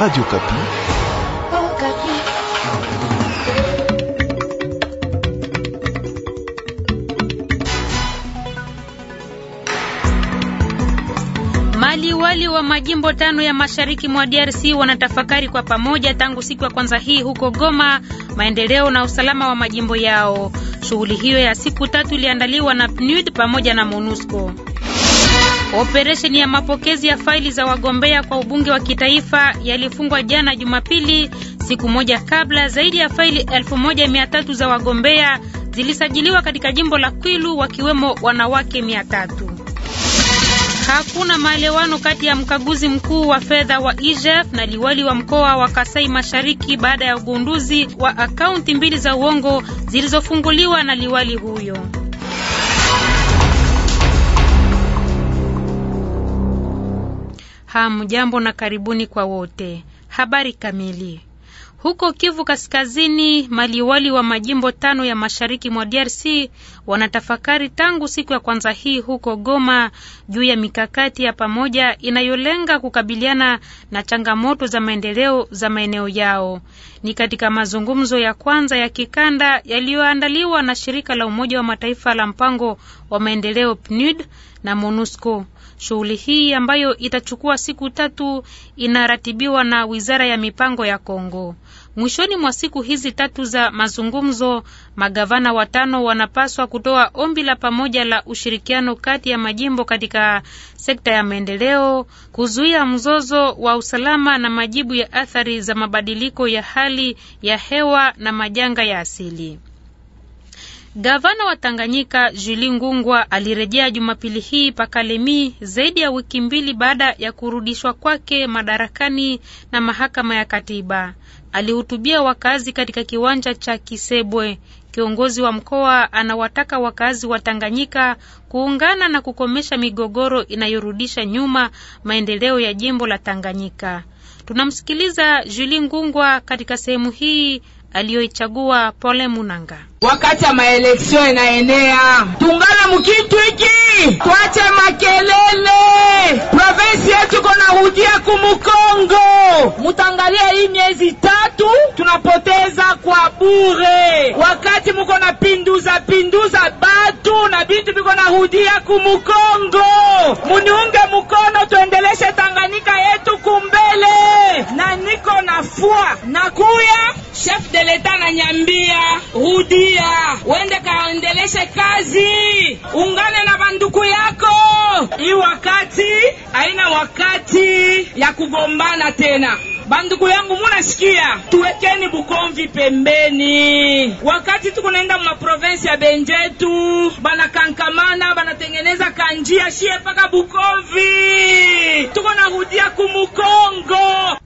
Radio Kapi. Oh, Kapi. Maliwali wa majimbo tano ya mashariki mwa DRC wanatafakari kwa pamoja tangu siku ya kwanza hii huko Goma maendeleo na usalama wa majimbo yao. Shughuli hiyo ya siku tatu iliandaliwa na PNUD pamoja na MONUSCO. Operesheni ya mapokezi ya faili za wagombea kwa ubunge wa kitaifa yalifungwa jana Jumapili, siku moja kabla zaidi ya faili 1300 za wagombea zilisajiliwa katika jimbo la Kwilu, wakiwemo wanawake 300. Hakuna maelewano kati ya mkaguzi mkuu wa fedha wa IGF na liwali wa mkoa wa Kasai Mashariki baada ya ugunduzi wa akaunti mbili za uongo zilizofunguliwa na liwali huyo. Hamjambo na karibuni kwa wote. Habari kamili. Huko Kivu Kaskazini, maliwali wa majimbo tano ya mashariki mwa DRC wanatafakari tangu siku ya kwanza hii huko Goma juu ya mikakati ya pamoja inayolenga kukabiliana na changamoto za maendeleo za maeneo yao. Ni katika mazungumzo ya kwanza ya kikanda yaliyoandaliwa na shirika la Umoja wa Mataifa la mpango wa maendeleo PNUD na MONUSCO. Shughuli hii ambayo itachukua siku tatu inaratibiwa na Wizara ya Mipango ya Kongo. Mwishoni mwa siku hizi tatu za mazungumzo, magavana watano wanapaswa kutoa ombi la pamoja la ushirikiano kati ya majimbo katika sekta ya maendeleo, kuzuia mzozo wa usalama na majibu ya athari za mabadiliko ya hali ya hewa na majanga ya asili. Gavana wa Tanganyika juli Ngungwa alirejea Jumapili hii Pakalemi zaidi ya wiki mbili baada ya kurudishwa kwake madarakani na mahakama ya katiba. Alihutubia wakazi katika kiwanja cha Kisebwe. Kiongozi wa mkoa anawataka wakazi wa Tanganyika kuungana na kukomesha migogoro inayorudisha nyuma maendeleo ya jimbo la Tanganyika. Tunamsikiliza juli Ngungwa katika sehemu hii aliyoichagua Pole Munanga wakati ya maeleksio inaenea. Tungana mkitu iki, tuache makelele. Provinsi yetu konarudia kumukongo, mutangalia hii miezi tatu tunapoteza kwa bure, wakati muko na pinduza pinduza batu na bintu biko hudia kumukongo. Muniunge mukono, tuendeleshe Tanganyika yetu kumbele, na niko nafua nakuya chef de leta na nyambia rudi pia wende kaendeleshe kazi, ungane na banduku yako. Hii wakati haina wakati ya kugombana tena. Banduku yangu munasikia, tuwekeni bukomvi pembeni. Wakati tukunaenda mumaprovensi ya benjetu, banakankamana banatengeneza kanjia shie mpaka Bukomvi, tuko narudia kumukongo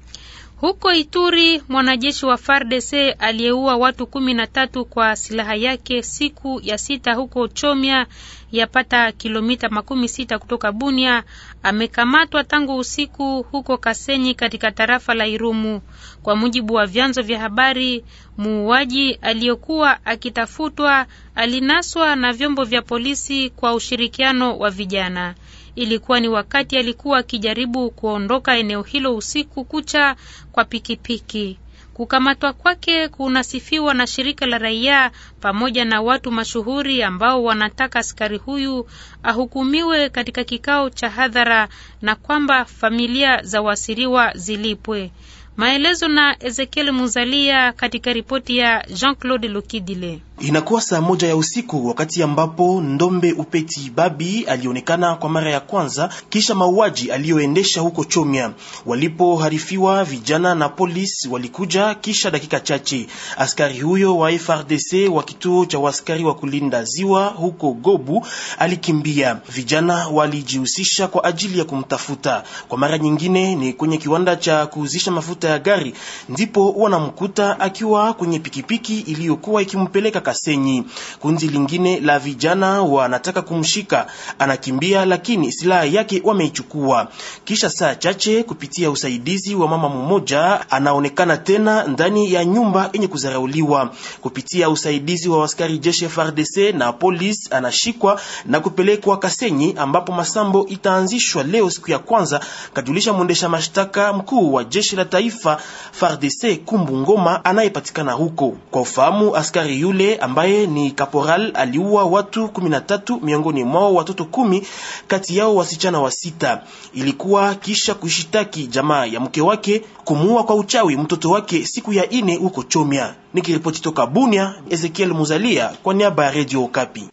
huko Ituri, mwanajeshi wa FARDC aliyeua watu kumi na tatu kwa silaha yake siku ya sita huko Chomia, yapata kilomita makumi sita kutoka Bunia, amekamatwa tangu usiku huko Kasenyi katika tarafa la Irumu. Kwa mujibu wa vyanzo vya habari, muuaji aliyekuwa akitafutwa alinaswa na vyombo vya polisi kwa ushirikiano wa vijana. Ilikuwa ni wakati alikuwa akijaribu kuondoka eneo hilo usiku kucha kwa pikipiki. Kukamatwa kwake kunasifiwa na shirika la raia pamoja na watu mashuhuri ambao wanataka askari huyu ahukumiwe katika kikao cha hadhara na kwamba familia za wasiriwa zilipwe. Maelezo na Ezekiel Muzalia katika ripoti ya Jean-Claude Lukidile. Inakuwa saa moja ya usiku wakati ambapo Ndombe Upeti Babi alionekana kwa mara ya kwanza kisha mauaji aliyoendesha huko Chomya. Walipoharifiwa, vijana na polisi walikuja kisha dakika chache. Askari huyo wa FRDC wa kituo cha waskari wa kulinda ziwa huko Gobu alikimbia. Vijana walijihusisha kwa ajili ya kumtafuta. Kwa mara nyingine ni kwenye kiwanda cha kuuzisha mafuta ya gari ndipo wanamkuta akiwa kwenye pikipiki iliyokuwa ikimpeleka Kasenyi. Kundi lingine la vijana wanataka kumshika, anakimbia lakini silaha yake wameichukua. Kisha saa chache, kupitia usaidizi wa mama mmoja, anaonekana tena ndani ya nyumba yenye kuzarauliwa. Kupitia usaidizi wa askari jeshi FARDC na polisi, anashikwa na kupelekwa Kasenyi ambapo masambo itaanzishwa leo siku ya kwanza, kajulisha mwendesha mashtaka mkuu wa jeshi la taifa FARDC Kumbu Ngoma anayepatikana huko. Kwa ufahamu askari yule ambaye ni kaporal aliua watu kumi miongoni mwao watoto kumi, kati yao wasichana wa sita. Ilikuwa kisha kushitaki jamaa ya mke wake kumuua kwa uchawi mtoto wake siku ya ine huko Chomia. Nikiripoti toka Bunia, Ezekiel Muzalia kwa niaba ya Radio Okapi.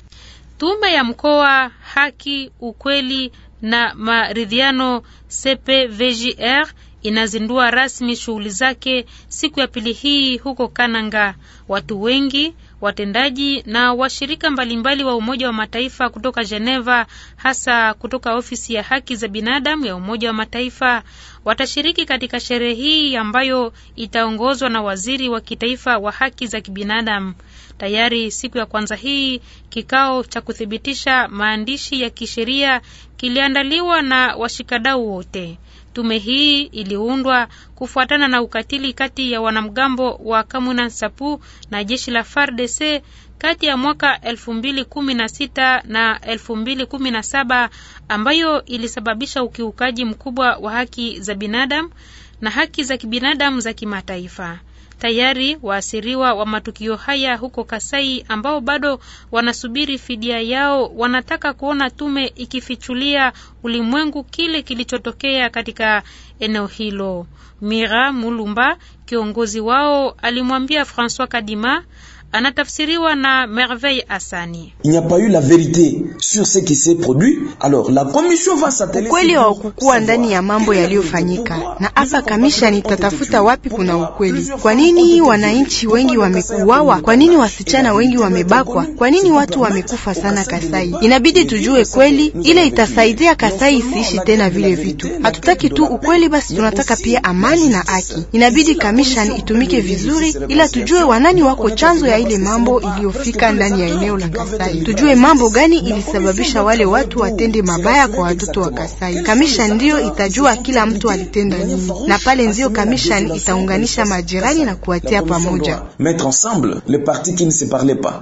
Tume ya mkoa haki, ukweli na maridhiano CPVJR inazindua rasmi shughuli zake siku ya pili hii huko Kananga. Watu wengi watendaji na washirika mbalimbali wa Umoja wa Mataifa kutoka Geneva, hasa kutoka ofisi ya haki za binadamu ya Umoja wa Mataifa watashiriki katika sherehe hii ambayo itaongozwa na waziri wa kitaifa wa haki za kibinadamu. Tayari siku ya kwanza hii kikao cha kuthibitisha maandishi ya kisheria kiliandaliwa na washikadau wote. Tume hii iliundwa kufuatana na ukatili kati ya wanamgambo wa Kamuna Nsapu na jeshi la FARDC kati ya mwaka 2016 na 2017 ambayo ilisababisha ukiukaji mkubwa wa haki za binadamu na haki za kibinadamu za kimataifa. Tayari waasiriwa wa matukio haya huko Kasai ambao bado wanasubiri fidia yao wanataka kuona tume ikifichulia ulimwengu kile kilichotokea katika eneo hilo. Mira Mulumba, kiongozi wao, alimwambia Francois Kadima anatafsiriwa na Merveille Asani. il pas la la sur produit Ukweli wa ukukuwa ndani ya mambo yaliyofanyika, na hapa kamishani nitatafuta wapi kuna ukweli. Kwa nini wananchi wengi wamekuwawa Kwa nini wasichana wengi wamebakwa? Kwa nini watu wamekufa sana Kasai? Inabidi tujue kweli, ile itasaidia Kasai isiishi tena vile vitu. Hatutaki tu ukweli basi, tunataka pia amani na haki. Inabidi kamishani itumike vizuri, ila tujue wanani wako chanzo ya ile mambo iliyofika ndani ya eneo la Kasai. Tujue mambo gani ilisababisha wale watu watende mabaya kwa watoto wa Kasai. Kamishan ndiyo itajua kila mtu alitenda nini, na pale ndiyo kamishan itaunganisha majirani na kuwatia pamoja. Mettre ensemble les parties qui ne se parlaient pas.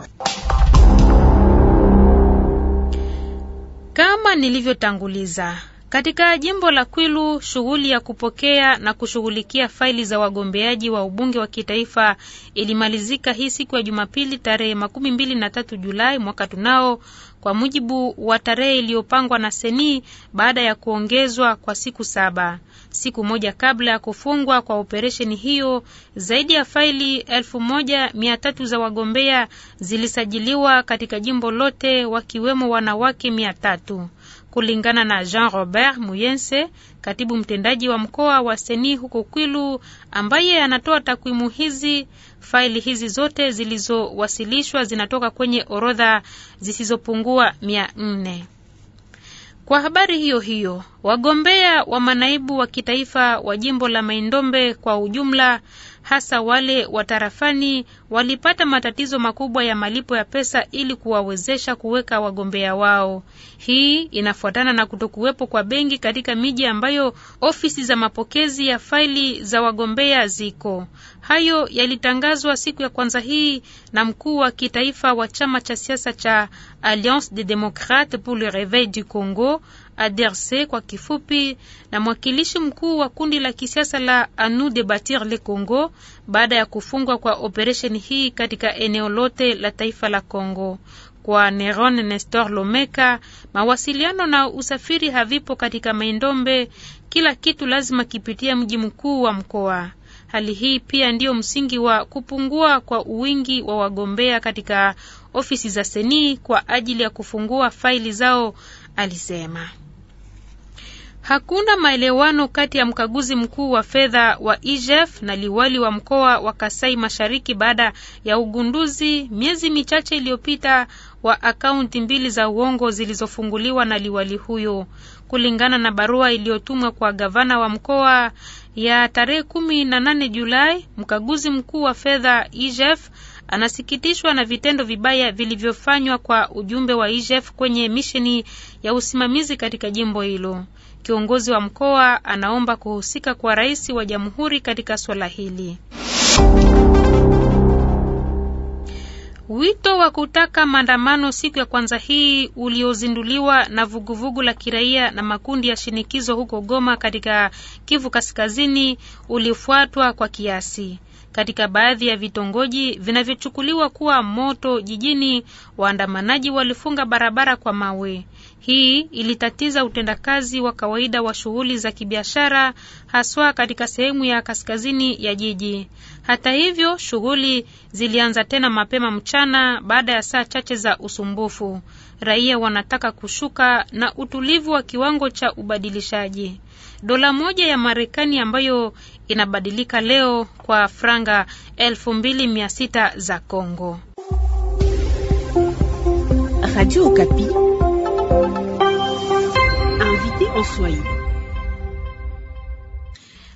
Kama nilivyotanguliza katika jimbo la Kwilu, shughuli ya kupokea na kushughulikia faili za wagombeaji wa ubunge wa kitaifa ilimalizika hii siku ya Jumapili tarehe makumi mbili na tatu Julai mwaka tunao, kwa mujibu wa tarehe iliyopangwa na Seni baada ya kuongezwa kwa siku saba. Siku moja kabla ya kufungwa kwa operesheni hiyo, zaidi ya faili elfu moja mia tatu za wagombea zilisajiliwa katika jimbo lote, wakiwemo wanawake mia tatu. Kulingana na Jean Robert Muyense, katibu mtendaji wa mkoa wa Seni huko Kwilu, ambaye anatoa takwimu hizi, faili hizi zote zilizowasilishwa zinatoka kwenye orodha zisizopungua mia nne. Kwa habari hiyo hiyo, wagombea wa manaibu wa kitaifa wa jimbo la Maindombe kwa ujumla hasa wale wa tarafani walipata matatizo makubwa ya malipo ya pesa ili kuwawezesha kuweka wagombea wao. Hii inafuatana na kutokuwepo kwa benki katika miji ambayo ofisi za mapokezi ya faili za wagombea ziko. Hayo yalitangazwa siku ya kwanza hii na mkuu wa kitaifa wa chama cha siasa cha Alliance des Democrates pour le Reveil du Congo ADRC kwa kifupi, na mwakilishi mkuu wa kundi la kisiasa la Anu de Batir le Congo baada ya kufungwa kwa operesheni hii katika eneo lote la taifa la Congo. Kwa Neron Nestor Lomeka, mawasiliano na usafiri havipo katika Maindombe, kila kitu lazima kipitia mji mkuu wa mkoa. Hali hii pia ndiyo msingi wa kupungua kwa uwingi wa wagombea katika ofisi za Seni kwa ajili ya kufungua faili zao, alisema. Hakuna maelewano kati ya mkaguzi mkuu wa fedha wa IGF na liwali wa mkoa wa Kasai Mashariki baada ya ugunduzi miezi michache iliyopita wa akaunti mbili za uongo zilizofunguliwa na liwali huyo. Kulingana na barua iliyotumwa kwa gavana wa mkoa ya tarehe kumi na nane Julai, mkaguzi mkuu wa fedha IGF anasikitishwa na vitendo vibaya vilivyofanywa kwa ujumbe wa IGF kwenye misheni ya usimamizi katika jimbo hilo. Kiongozi wa mkoa anaomba kuhusika kwa rais wa jamhuri katika swala hili. Wito wa kutaka maandamano siku ya kwanza hii uliozinduliwa na vuguvugu la kiraia na makundi ya shinikizo huko Goma katika Kivu Kaskazini ulifuatwa kwa kiasi. Katika baadhi ya vitongoji vinavyochukuliwa kuwa moto jijini, waandamanaji walifunga barabara kwa mawe. Hii ilitatiza utendakazi wa kawaida wa shughuli za kibiashara haswa katika sehemu ya kaskazini ya jiji. Hata hivyo, shughuli zilianza tena mapema mchana baada ya saa chache za usumbufu. Raia wanataka kushuka na utulivu wa kiwango cha ubadilishaji. Dola moja ya Marekani ambayo inabadilika leo kwa franga 2600 za Kongo. Radio Oswai.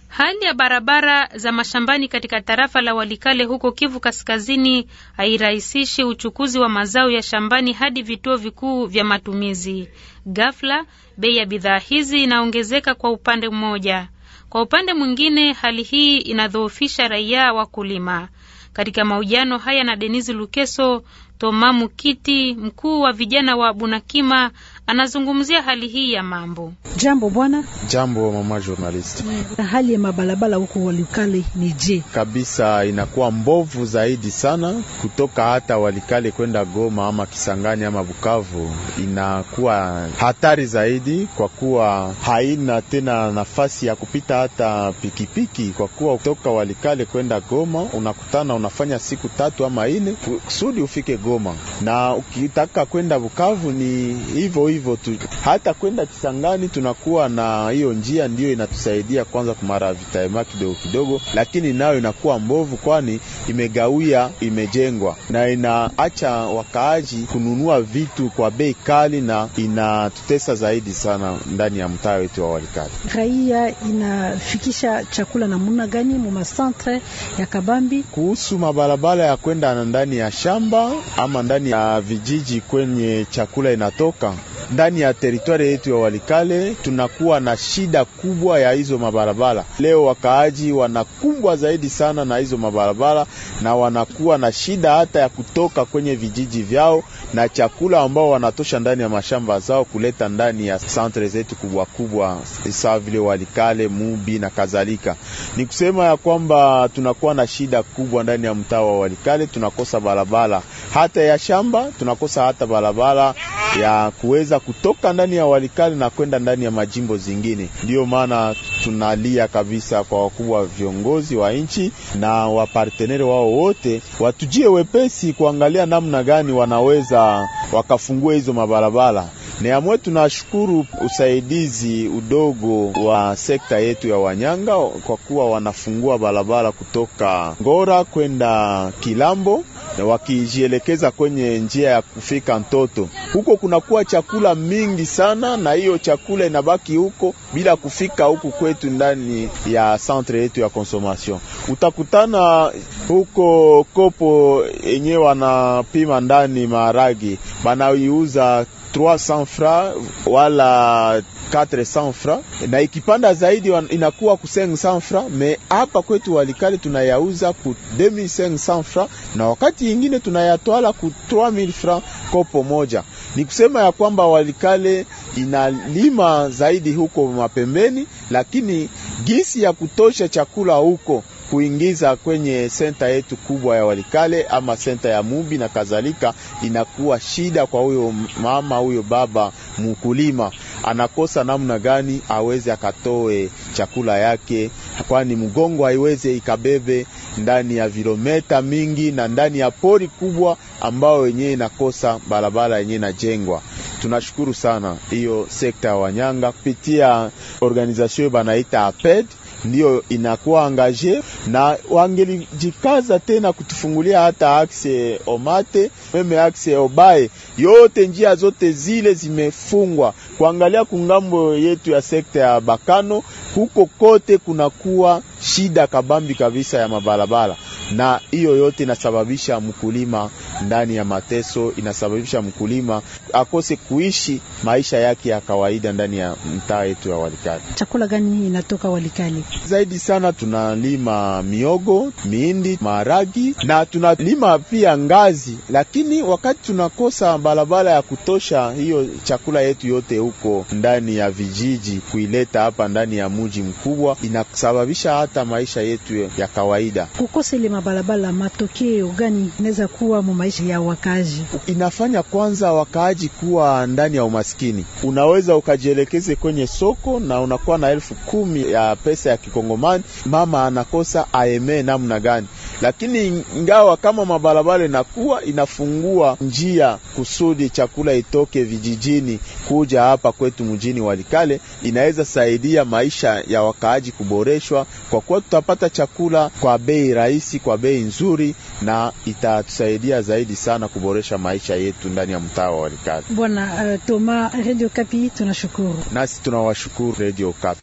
Hali ya barabara za mashambani katika tarafa la Walikale huko Kivu Kaskazini hairahisishi uchukuzi wa mazao ya shambani hadi vituo vikuu vya matumizi. Ghafla bei ya bidhaa hizi inaongezeka kwa upande mmoja. Kwa upande mwingine, hali hii inadhoofisha raia wakulima. Katika mahojiano haya na Denise Lukeso Tomamu Kiti, mkuu wa vijana wa Bunakima, anazungumzia hali hii ya mambo. Jambo bwana. Jambo mama journalist. Mm. Hali ya mabalabala huko Walikale ni je? Kabisa inakuwa mbovu zaidi sana, kutoka hata Walikale kwenda Goma ama Kisangani ama Bukavu inakuwa hatari zaidi, kwa kuwa haina tena nafasi ya kupita hata pikipiki, kwa kuwa kutoka Walikale kwenda Goma unakutana unafanya siku tatu ama ine kusudi ufike Goma, na ukitaka kwenda Bukavu ni hivyo hivyo tu, hata kwenda Kisangani tunakuwa na hiyo njia, ndiyo inatusaidia kwanza kumara vitaema kidogo kidogo, lakini nayo inakuwa mbovu, kwani imegawia, imejengwa na inaacha wakaaji kununua vitu kwa bei kali, na inatutesa zaidi sana ndani ya mtaa wetu wa walikali Raia inafikisha chakula namna gani masantre ya Kabambi? Kuhusu mabarabara ya kwenda ndani ya shamba ama ndani ya vijiji kwenye chakula inatoka ndani ya teritwari yetu ya Walikale tunakuwa na shida kubwa ya hizo mabarabara. Leo wakaaji wanakumbwa zaidi sana na hizo mabarabara, na wanakuwa na shida hata ya kutoka kwenye vijiji vyao na chakula ambao wanatosha ndani ya mashamba zao kuleta ndani ya santre zetu kubwa kubwa sawa vile Walikale, Mubi na kadhalika. Ni kusema ya kwamba tunakuwa na shida kubwa ndani ya mtaa wa Walikale, tunakosa barabara hata ya shamba, tunakosa hata barabara ya kuweza kutoka ndani ya Walikale na kwenda ndani ya majimbo zingine. Ndiyo maana tunalia kabisa kwa wakubwa viongozi wa nchi na waparteneri wao wote watujie wepesi kuangalia namna gani wanaweza wakafungua hizo mabarabara. Neamwe tunashukuru usaidizi udogo wa sekta yetu ya Wanyanga kwa kuwa wanafungua barabara kutoka Ngora kwenda Kilambo wakijielekeza kwenye njia ya kufika Ntoto. Huko kunakuwa chakula mingi sana, na hiyo chakula inabaki huko bila kufika huku kwetu ndani ya centre yetu ya consommation. Utakutana huko kopo yenyewe wanapima ndani maharagi, banaiuza 300 francs wala 400 francs na ikipanda zaidi inakuwa ku 500 francs. Me hapa kwetu Walikale tunayauza ku 2500 francs na wakati ingine tunayatwala ku 3000 francs kopo moja. Ni kusema ya kwamba Walikale inalima zaidi huko mapembeni, lakini gisi ya kutosha chakula huko kuingiza kwenye senta yetu kubwa ya Walikale ama senta ya Mubi na kadhalika, inakuwa shida kwa huyo mama, huyo baba mkulima anakosa namna gani aweze akatoe chakula yake, kwani mgongo haiweze ikabebe ndani ya vilometa mingi na ndani ya pori kubwa ambayo yenyewe inakosa barabara yenyewe inajengwa. Tunashukuru sana hiyo sekta ya Wanyanga kupitia organization banaita APED ndiyo inakuwa angaje, na wangelijikaza tena kutufungulia hata akse omate meme akse obaye yote, njia zote zile zimefungwa. Kuangalia kungambo yetu ya sekta ya Bakano, huko kote kunakuwa shida kabambi kabisa ya mabarabara, na hiyo yote inasababisha mkulima ndani ya mateso, inasababisha mkulima akose kuishi maisha yake ya kawaida ndani ya mtaa yetu ya Walikali. Chakula gani inatoka Walikali? Zaidi sana tunalima miogo, mihindi, maharagi na tunalima pia ngazi, lakini wakati tunakosa barabara ya kutosha, hiyo chakula yetu yote huko ndani ya vijiji kuileta hapa ndani ya muji mkubwa inasababisha hata maisha yetu ya kawaida kukosa ile mabarabara. Matokeo gani inaweza kuwa maisha ya wakaaji. Inafanya kwanza wakaaji kuwa ndani ya umaskini. Unaweza ukajielekeze kwenye soko na unakuwa na elfu kumi ya pesa ya kikongomani, mama anakosa aemee namna gani? Lakini ingawa kama mabarabara inakuwa inafungua njia kusudi chakula itoke vijijini kuja hapa kwetu mjini Walikale, inaweza saidia maisha ya wakaaji kuboreshwa, kwa kuwa tutapata chakula kwa bei rahisi, kwa bei nzuri na itatusaidia zaidi zaidi sana kuboresha maisha yetu ndani ya mtaa wa Walikale. Bwana uh, Toma, Radio Kapi tunashukuru. Nasi tunawashukuru Radio Kapi.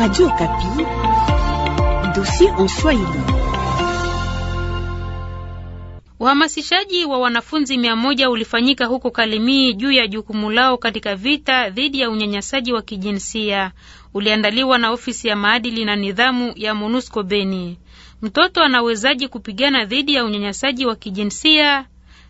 Radio Kapi, dossier en Swahili. Uhamasishaji wa wanafunzi mia moja ulifanyika huko Kalemie juu ya jukumu lao katika vita dhidi ya unyanyasaji wa kijinsia. Uliandaliwa na ofisi ya maadili na nidhamu ya MONUSCO Beni. Mtoto anawezaji kupigana dhidi ya unyanyasaji wa kijinsia?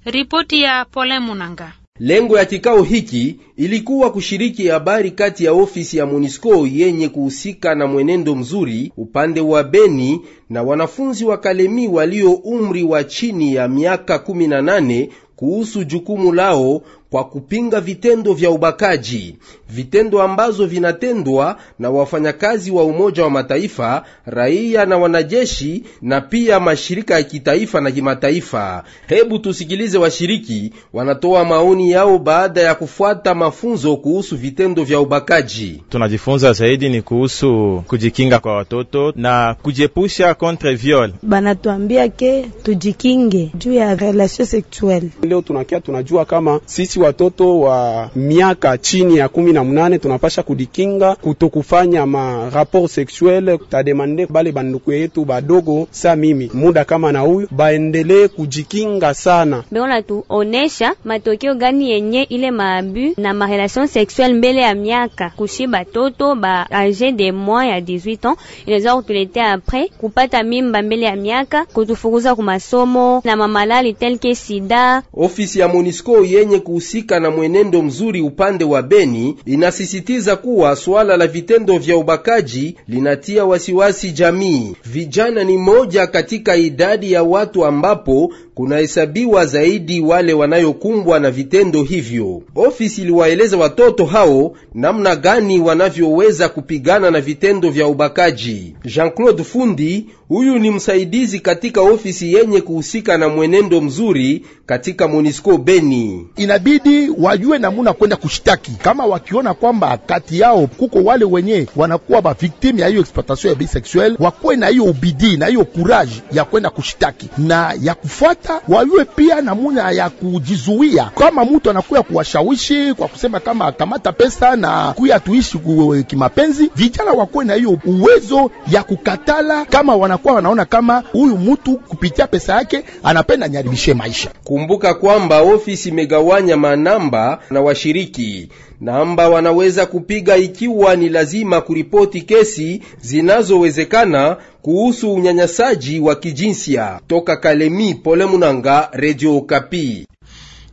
Ripoti ya Pole Munanga. Lengo ya kikao hiki ilikuwa kushiriki habari kati ya ofisi ya MONUSCO yenye kuhusika na mwenendo mzuri upande wa Beni na wanafunzi wa Kalemi walio umri wa chini ya miaka 18 kuhusu jukumu lao kwa kupinga vitendo vya ubakaji vitendo ambazo vinatendwa na wafanyakazi wa Umoja wa Mataifa, raia na wanajeshi, na pia mashirika ya kitaifa na kimataifa. Hebu tusikilize washiriki wanatoa maoni yao baada ya kufuata mafunzo kuhusu vitendo vya ubakaji. Tunajifunza zaidi ni kuhusu kujikinga kwa watoto na kujiepusha contre viol. Banatuambia ke tujikinge juu ya relation sexuelle. Leo tunakia tunajua kama sisi watoto wa miaka chini ya kumi na munane tunapasha kudikinga kutokufanya ma rapport sexuel. Tademande bale banduku yetu badogo sa mimi muda kama na huyu baendelee kujikinga sana. Beona tu onesha matokeo gani yenye ile maabu na ma relation sexuelle mbele ya miaka kushiba batoto ba age de moins ya 18 ans inaweza kutuletea après kupata mimba mbele ya miaka, kutufukuza kwa masomo na mamalali telke sida. Ofisi ya Monisco yenye kuhusika na mwenendo mzuri upande wa Beni inasisitiza kuwa suala la vitendo vya ubakaji linatia wasiwasi jamii. Vijana ni moja katika idadi ya watu ambapo kunahesabiwa zaidi wale wanayokumbwa na vitendo hivyo. Ofisi iliwaeleza watoto hao namna gani wanavyoweza kupigana na vitendo vya ubakaji. Jean-Claude Fundi huyu ni msaidizi katika ofisi yenye kuhusika na mwenendo mzuri katika Monisco Beni. Inabidi wajue namuna kwenda kushitaki kama wakiona kwamba kati yao kuko wale wenye wanakuwa baviktimu ya hiyo exploitation ya bisexuel, wakuwe na hiyo ubidii na hiyo kuraji ya kwenda kushitaki na ya kufuata hata wajue pia namuna ya kujizuia, kama mtu anakuya kuwashawishi kwa kusema kama akamata pesa na kuya tuishi kimapenzi. Vijana wakuwe na hiyo uwezo ya kukatala, kama wanakuwa wanaona kama huyu mtu kupitia pesa yake anapenda nyaribishe maisha. Kumbuka kwamba ofisi imegawanya manamba na washiriki namba wanaweza kupiga ikiwa ni lazima kuripoti kesi zinazowezekana kuhusu unyanyasaji wa kijinsia. Toka Kalemi, Pole Munanga, Radio Kapi.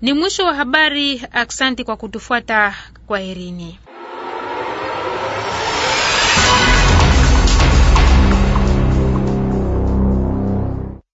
Ni mwisho wa habari. Aksanti kwa kutufuata. Kwaherini.